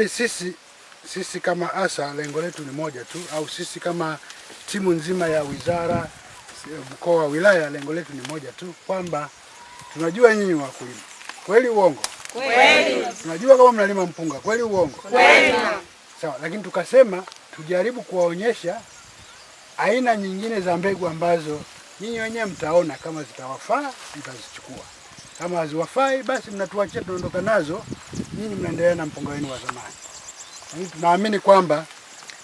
kweli sisi sisi kama ASA lengo letu ni moja tu, au sisi kama timu nzima ya wizara, mkoa wa wilaya, lengo letu ni moja tu, kwamba tunajua nyinyi wakulima, kweli uongo? Kweli. Tunajua kama mnalima mpunga, kweli uongo? Kweli. Sawa, lakini tukasema tujaribu kuwaonyesha aina nyingine za mbegu ambazo nyinyi wenyewe mtaona kama zitawafaa mtazichukua, kama haziwafai basi mnatuachia tunaondoka nazo nyinyi mnaendelea na mpango wenu wa zamani, lakini tunaamini kwamba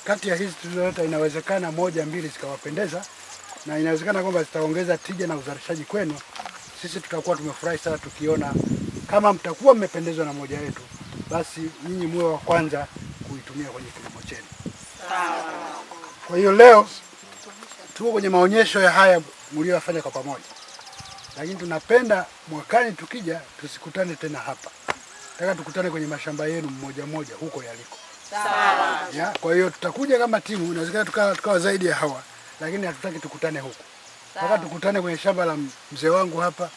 kati ya hizi tulizoleta inawezekana moja mbili zikawapendeza, na inawezekana kwamba zitaongeza tija na uzalishaji kwenu. Sisi tutakuwa tumefurahi sana tukiona kama mtakuwa mmependezwa na moja yetu, basi nyinyi muwe wa kwanza kuitumia kwenye kilimo chenu. Kwa hiyo leo tuko kwenye maonyesho ya haya mliyofanya kwa pamoja, lakini tunapenda mwakani tukija tusikutane tena hapa nataka tukutane kwenye mashamba yenu mmoja mmoja huko yaliko. Sawa. Yeah, kwa hiyo tutakuja kama timu, inawezekana tukawa tuka zaidi ya hawa, lakini hatutaki tukutane huko. Nataka tukutane kwenye shamba la mzee wangu hapa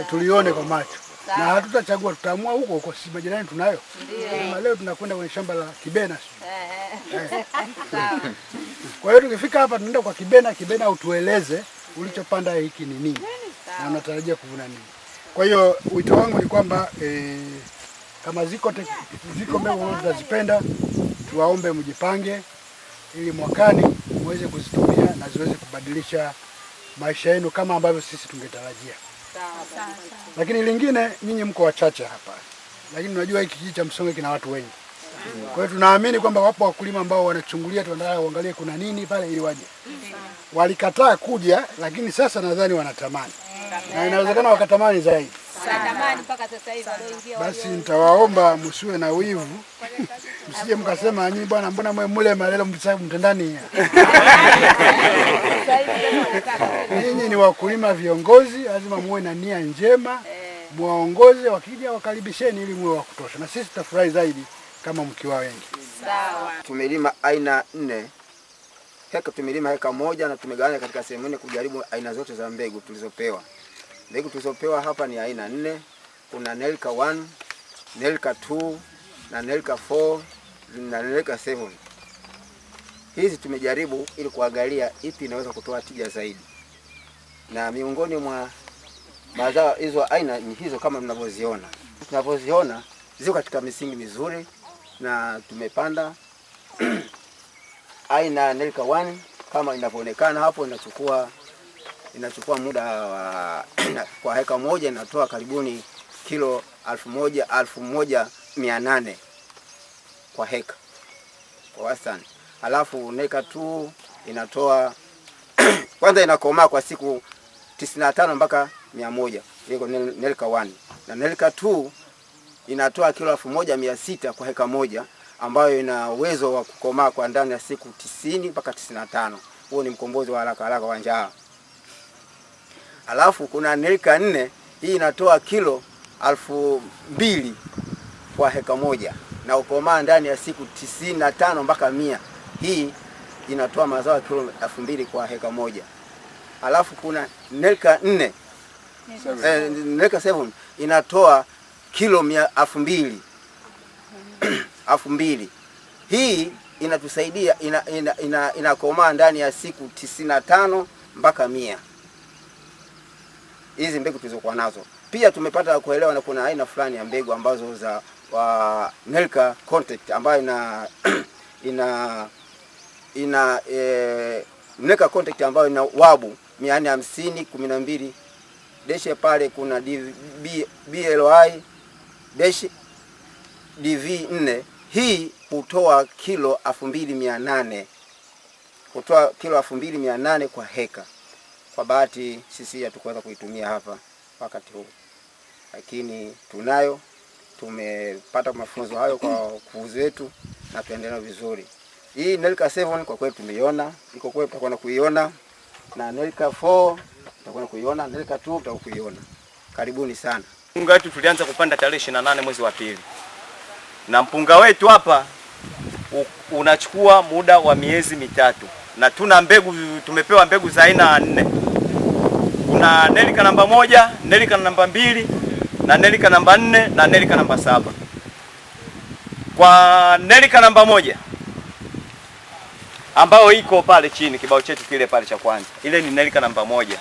e, tulione kwa macho na hatutachagua, tutaamua huko huko, si majirani tunayo. leo tunakwenda kwenye shamba la Kibena sio? Eh, kwa hiyo tukifika hapa tunaenda kwa Kibena. Kibena utueleze ulichopanda hiki ni nini na unatarajia kuvuna nini. Kwa hiyo wito wangu ni kwamba eh, kama ziko te, ziko mbegu tunazipenda, tuwaombe mjipange, ili mwakani muweze kuzitumia na ziweze kubadilisha maisha yenu kama ambavyo sisi tungetarajia. Lakini lingine, nyinyi mko wachache hapa, lakini unajua hiki kijiji cha Msonge kina watu wengi. Kwa hiyo tunaamini kwamba wapo wakulima ambao wanachungulia, tunataka uangalie kuna nini pale ili waje. Walikataa kuja, lakini sasa nadhani wanatamani na inawezekana wakatamani zaidi. Basi nitawaomba msiwe na wivu, msije mkasema nyinyi, bwana, mbona mwe mule malelo mtendani? Nyinyi ni wakulima, viongozi, lazima muwe na nia njema, eh. muwaongoze. Wakija wakaribisheni ili muwe wa kutosha, na sisi tutafurahi zaidi kama mkiwa wengi. Sawa. Tumelima aina nne heka, tumelima heka moja na tumegawana katika sehemu nne kujaribu aina zote za mbegu tulizopewa. Mbegu tulizopewa hapa ni aina nne. Kuna Nelka 1, Nelka 2 na Nelka 4 na Nelka 7. Hizi tumejaribu ili kuangalia ipi inaweza kutoa tija zaidi, na miongoni mwa mazao hizo aina ni hizo kama mnavyoziona. Tunavyoziona ziko katika misingi mizuri na tumepanda aina ya Nelka 1 kama inavyoonekana hapo, inachukua inachukua muda wa kwa heka moja inatoa karibuni kilo alfu moja alfu moja mia nane kwa heka kwa wastani. Alafu neka tu inatoa kwanza inakomaa kwa siku tisini na tano mpaka mia moja iko nelka na nelka 2 inatoa kilo alfu moja mia sita kwa heka moja ambayo ina uwezo wa kukomaa kwa ndani ya siku tisini mpaka tisini na tano. Huo ni mkombozi wa haraka haraka wa njaa alafu kuna nelika nne, hii inatoa kilo alfu mbili kwa heka moja na ukomaa ndani ya siku tisini na tano mpaka mia. Hii inatoa mazao ya kilo elfu mbili kwa heka moja. Alafu kuna nelika nne eh, seven inatoa kilo mia elfu mbili elfu mbili hii inatusaidia inakomaa ina, ina, ina ndani ya siku tisini na tano mpaka mia hizi mbegu tulizokuwa nazo. Pia tumepata kuelewa na kuna aina fulani ya mbegu ambazo za wa Melka contact ambayo ina ina ina e, Melka contact ambayo ina wabu 450 12 deshe pale kuna DB, BLI deshe DV 4 hii hutoa kilo 2800 hutoa kilo 2800 kwa heka kwa bahati sisi hatukuweza kuitumia hapa wakati huu, lakini tunayo. Tumepata mafunzo hayo kwa kuuzi wetu na tuendelea vizuri. Hii Nelka 7 kwa kweli tumeiona iko kweli, tutakwenda kuiona na Nelka 4 tutakwenda kuiona, Nelka 2 tutakwenda kuiona. Karibuni sana. Mpunga wetu tulianza kupanda tarehe 28 mwezi wa pili, na mpunga wetu hapa unachukua muda wa miezi mitatu, na tuna mbegu, tumepewa mbegu za aina nne. Tuna nelika namba moja, nelika namba mbili na nelika namba nne na nelika namba saba. Kwa nelika namba moja ambayo iko pale chini kibao chetu kile pale cha kwanza, ile ni nelika namba moja.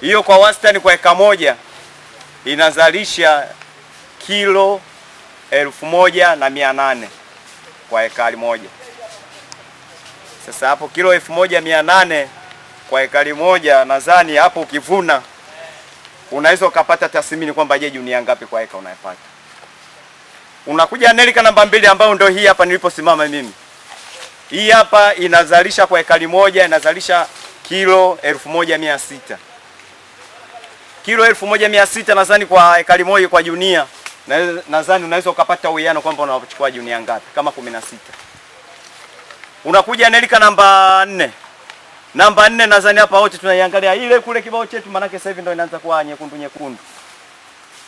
Hiyo kwa wastani kwa eka moja inazalisha kilo elfu moja na mia nane kwa ekari moja. Sasa hapo kilo elfu moja mia nane kwa ekari moja, nadhani hapo ukivuna unaweza ukapata tathmini kwamba je, junia ngapi kwa eka unayopata. Unakuja Nelika namba mbili ambayo ndio hii hapa niliposimama mimi. Hii hapa inazalisha kwa ekari moja inazalisha kilo elfu moja mia sita kilo elfu moja mia sita nadhani kwa ekari moja kwa junia, nadhani unaweza ukapata uwiano kwamba unachukua junia ngapi, kama kumi na sita. Unakuja Nelika namba nne Namba nne nadhani hapa wote tunaiangalia ile kule kibao chetu, maanake sasa hivi ndio inaanza kuwa nyekundu nyekundu.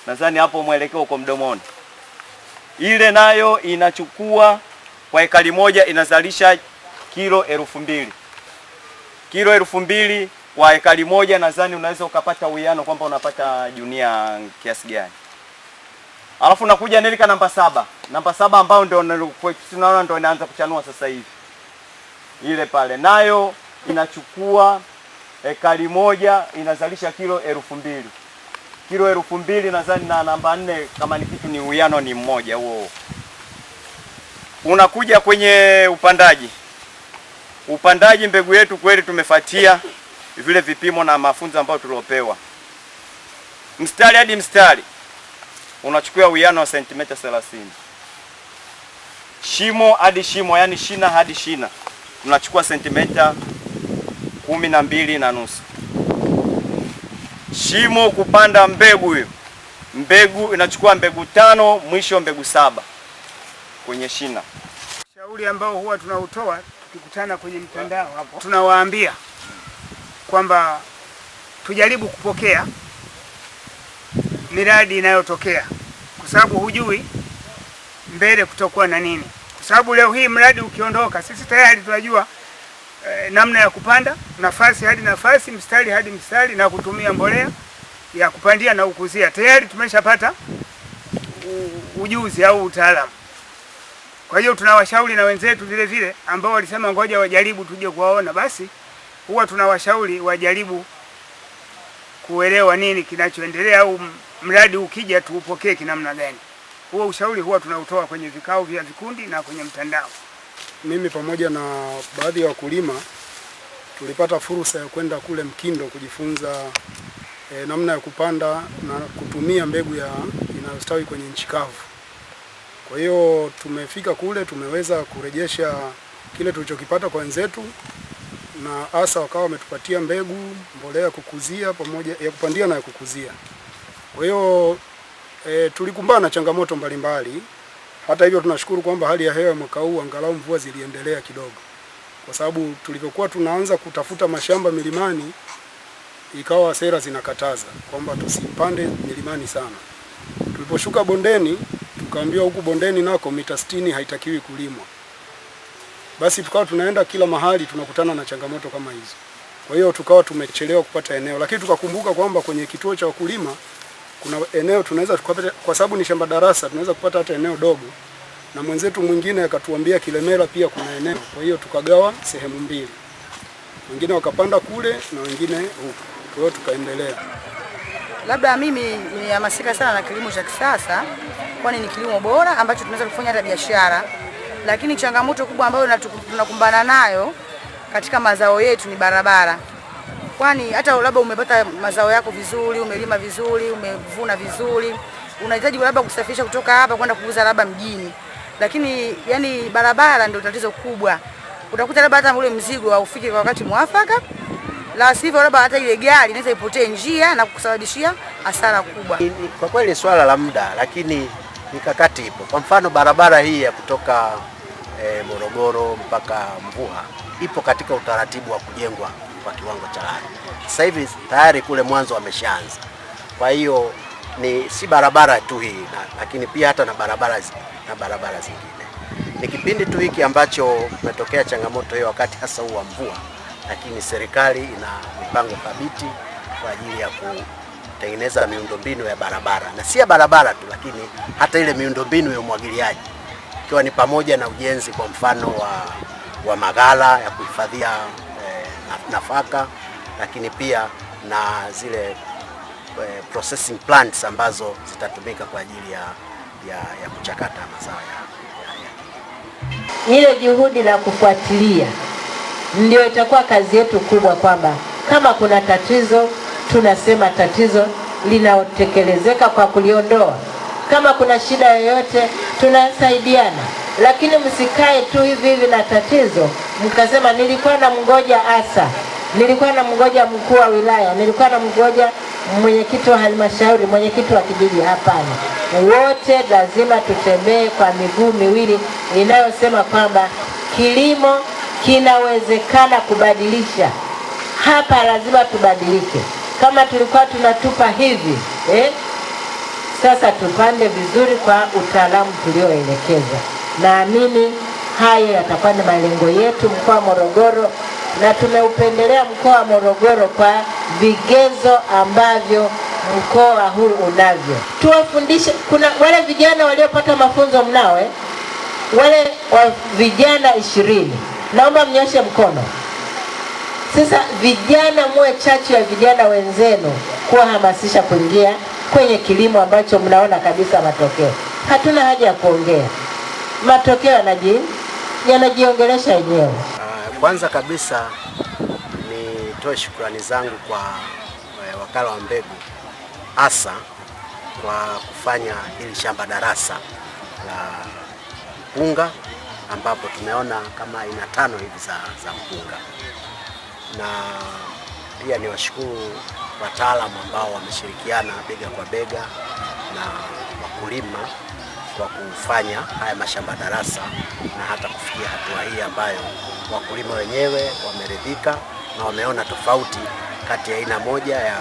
Nadhani hapo mwelekeo uko mdomoni. Ile nayo inachukua kwa ekari moja inazalisha kilo elfu mbili kilo elfu mbili kwa ekari moja. Nadhani unaweza ukapata uwiano kwamba unapata junia kiasi gani. Alafu nakuja nilika namba saba, namba saba ambayo ndio tunaona ndio inaanza kuchanua sasa hivi, ile pale nayo inachukua ekari moja inazalisha kilo elfu mbili kilo elfu mbili nadhani na namba nne kama ni kitu ni uwiano ni mmoja huo. Unakuja kwenye upandaji, upandaji mbegu yetu kweli tumefatia vile vipimo na mafunzo ambayo tuliopewa, mstari hadi mstari unachukua uwiano wa sentimita 30, shimo hadi shimo, yani shina hadi shina tunachukua sentimita kumi na mbili na nusu. Shimo kupanda mbegu hiyo, mbegu inachukua mbegu tano, mwisho mbegu saba kwenye shina. Shauri ambao huwa tunautoa tukikutana kwenye mtandao hapo, tunawaambia kwamba tujaribu kupokea miradi inayotokea kwa sababu hujui mbele kutakuwa na nini, kwa sababu leo hii mradi ukiondoka, sisi tayari tunajua eh, namna ya kupanda nafasi hadi nafasi, mstari hadi mstari, na kutumia mbolea ya kupandia na ukuzia. Tayari tumeshapata ujuzi au utaalamu. Kwa hiyo tunawashauri na wenzetu vile vile ambao walisema ngoja wajaribu tuje kuwaona, basi huwa tunawashauri wajaribu kuelewa nini kinachoendelea, au mradi ukija tuupokee kinamna gani. Huo ushauri huwa tunautoa kwenye vikao vya vikundi na kwenye mtandao mimi pamoja na baadhi ya wa wakulima tulipata fursa ya kwenda kule Mkindo kujifunza e, namna ya kupanda na kutumia mbegu ya inayostawi kwenye nchi kavu. Kwa hiyo tumefika kule, tumeweza kurejesha kile tulichokipata kwa wenzetu, na hasa wakawa wametupatia mbegu, mbolea ya kukuzia pamoja ya kupandia na ya kukuzia. Kwa hiyo e, tulikumbana na changamoto mbalimbali mbali. Hata hivyo tunashukuru kwamba hali ya hewa mwaka huu angalau mvua ziliendelea kidogo, kwa sababu tulivyokuwa tunaanza kutafuta mashamba milimani ikawa sera zinakataza kwamba tusipande milimani sana. Tuliposhuka bondeni tukaambiwa huku bondeni nako mita 60 haitakiwi kulimwa. Basi tukawa tunaenda kila mahali tunakutana na changamoto kama hizo. Kwa hiyo tukawa tumechelewa kupata eneo, lakini tukakumbuka kwamba kwenye kituo cha wakulima kuna eneo tunaweza tukapata, kwa sababu ni shamba darasa, tunaweza kupata hata eneo dogo, na mwenzetu mwingine akatuambia Kilemela pia kuna eneo. Kwa hiyo tukagawa sehemu mbili, wengine wakapanda kule na wengine huko, kwa hiyo tukaendelea. Labda mimi nihamasika sana na kilimo cha kisasa, kwani ni kilimo bora ambacho tunaweza kufanya hata biashara, lakini changamoto kubwa ambayo tunakumbana nayo katika mazao yetu ni barabara kwani hata labda umepata mazao yako vizuri, umelima vizuri, umevuna vizuri, unahitaji labda kusafirisha kutoka hapa kwenda kuuza labda mjini, lakini yani barabara ndio tatizo kubwa. Utakuta labda hata ule mzigo haufiki kwa wakati mwafaka, la sivyo labda hata ile gari inaweza ipotee njia na kusababishia hasara kubwa. Kwa kweli swala la muda, lakini mikakati ipo. Kwa mfano barabara hii ya kutoka eh, Morogoro mpaka Mvuha ipo katika utaratibu wa kujengwa kwa kiwango cha lami. Sasa hivi tayari kule mwanzo wameshaanza. Kwa hiyo ni si barabara tu hii na, lakini pia hata na barabara na barabara zingine. Ni kipindi tu hiki ambacho umetokea changamoto hiyo, wakati hasa huu wa mvua, lakini serikali ina mipango thabiti kwa ajili ya kutengeneza miundombinu ya barabara na si ya barabara tu, lakini hata ile miundombinu ya umwagiliaji ikiwa ni pamoja na ujenzi kwa mfano wa, wa maghala ya kuhifadhia nafaka, lakini pia na zile eh, processing plants ambazo zitatumika kwa ajili ya, ya, ya kuchakata mazao ya, ya, ya. Ile juhudi la kufuatilia ndio itakuwa kazi yetu kubwa, kwamba kama kuna tatizo tunasema tatizo linaotekelezeka kwa kuliondoa. Kama kuna shida yoyote tunasaidiana lakini msikae tu hivi hivi na tatizo mkasema, nilikuwa na mgoja asa, nilikuwa na mgoja mkuu wa wilaya, nilikuwa na mgoja mwenyekiti wa halmashauri, mwenyekiti wa kijiji. Hapana, wote lazima tutembee kwa miguu miwili inayosema kwamba kilimo kinawezekana kubadilisha. Hapa lazima tubadilike. Kama tulikuwa tunatupa hivi eh, sasa tupande vizuri kwa utaalamu tulioelekeza. Naamini haya yatakuwa ni malengo yetu mkoa wa Morogoro, na tumeupendelea mkoa wa Morogoro kwa vigezo ambavyo mkoa huu unavyo. Tuwafundishe, kuna wale vijana waliopata mafunzo mnao, eh? Wale wa vijana ishirini, naomba mnyoshe mkono. Sasa vijana, muwe chachu ya vijana wenzenu kuwahamasisha kuingia kwenye kilimo ambacho mnaona kabisa matokeo. Hatuna haja ya kuongea matokeo yanaji yanajiongelesha yenyewe. Ah, kwanza kabisa nitoe shukrani zangu kwa eh, wakala wa mbegu ASA kwa kufanya hili shamba darasa la mpunga ambapo tumeona kama aina tano hivi za, za mpunga na pia ni washukuru wataalamu ambao wameshirikiana bega kwa bega na wakulima kwa kufanya haya mashamba darasa na hata kufikia hatua hii ambayo wakulima wenyewe wameridhika na wameona tofauti kati ya aina moja ya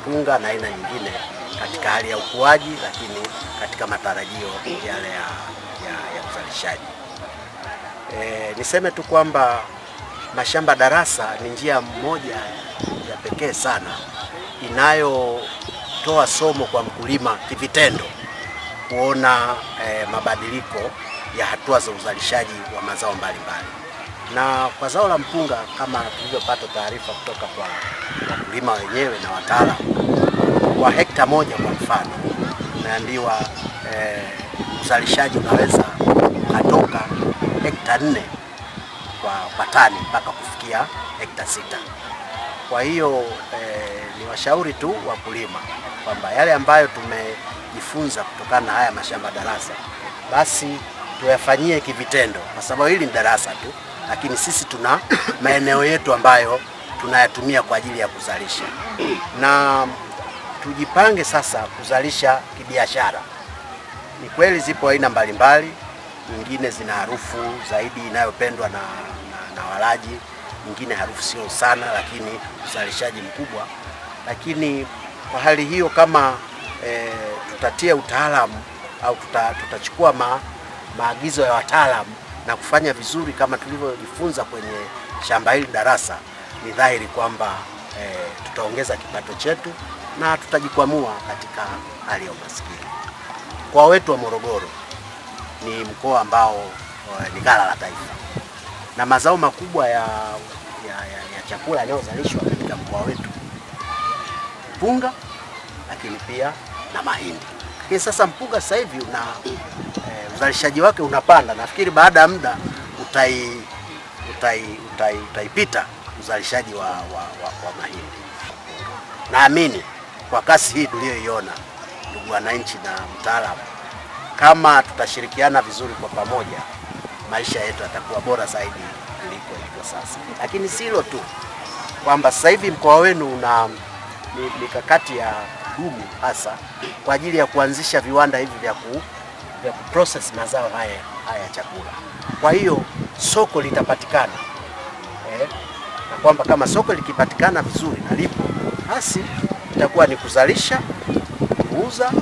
mpunga na aina nyingine katika hali ya ukuaji, lakini katika matarajio yale ya, ya, ya uzalishaji. E, niseme tu kwamba mashamba darasa ni njia moja ya pekee sana inayotoa somo kwa mkulima kivitendo kuona eh, mabadiliko ya hatua za uzalishaji wa mazao mbalimbali mbali. Na kwa zao la mpunga kama tulivyopata taarifa kutoka kwa wakulima wenyewe na wataalamu, kwa hekta moja kwa mfano umeambiwa eh, uzalishaji unaweza ukatoka hekta nne kwa, kwa tani mpaka kufikia hekta sita. Kwa hiyo eh, ni washauri tu wakulima kwamba yale ambayo tume kujifunza kutokana na haya mashamba darasa, basi tuyafanyie kivitendo, kwa sababu hili ni darasa tu, lakini sisi tuna maeneo yetu ambayo tunayatumia kwa ajili ya kuzalisha, na tujipange sasa kuzalisha kibiashara. Ni kweli zipo aina mbalimbali, nyingine zina harufu zaidi inayopendwa na, na, na walaji, nyingine harufu sio sana, lakini uzalishaji mkubwa. Lakini kwa hali hiyo kama eh, tutatia utaalamu au tuta, tutachukua ma, maagizo ya wataalamu na kufanya vizuri kama tulivyojifunza kwenye shamba hili darasa, ni dhahiri kwamba e, tutaongeza kipato chetu na tutajikwamua katika hali ya umaskini. Mkoa wetu wa Morogoro ni mkoa ambao eh, ni ghala la taifa na mazao makubwa ya, ya, ya, ya chakula yanayozalishwa katika mkoa wetu mpunga, lakini pia na mahindi. Lakini sasa mpunga sasa hivi una eh, uzalishaji wake unapanda, nafikiri baada ya muda utai utaipita utai, utaipita uzalishaji wa, wa, wa, wa mahindi. Naamini kwa kasi hii tuliyoiona, ndugu wananchi na mtaalamu, kama tutashirikiana vizuri kwa pamoja, maisha yetu yatakuwa bora zaidi kuliko ilivyo sasa. Lakini si hilo tu kwamba sasa hivi mkoa wenu una mikakati ya kudumu hasa kwa ajili ya kuanzisha viwanda hivi vya ku vya kuprocess mazao haya haya ya chakula. Kwa hiyo soko litapatikana eh, na kwamba kama soko likipatikana vizuri na lipo, basi itakuwa ni kuzalisha, kuuza,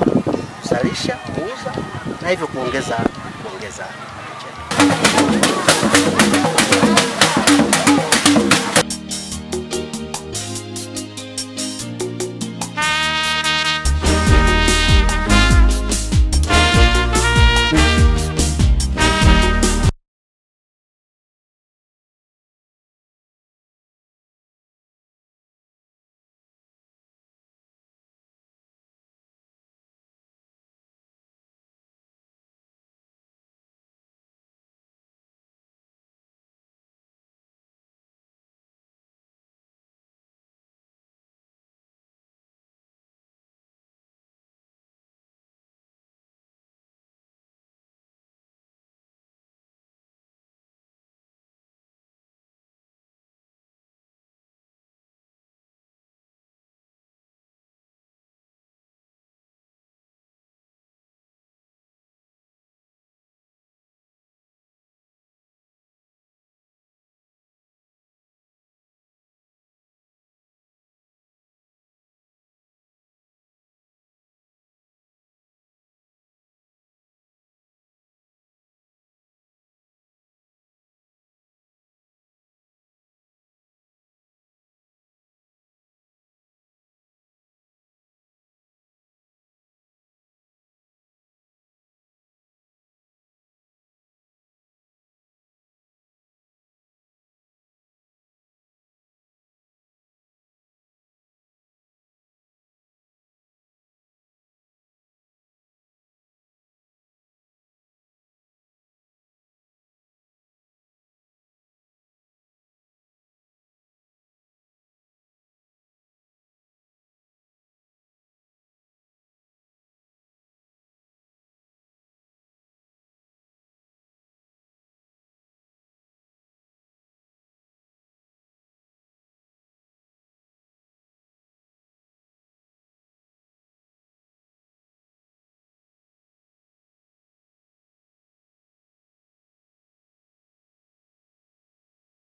kuzalisha, kuuza na hivyo kuongeza kuongeza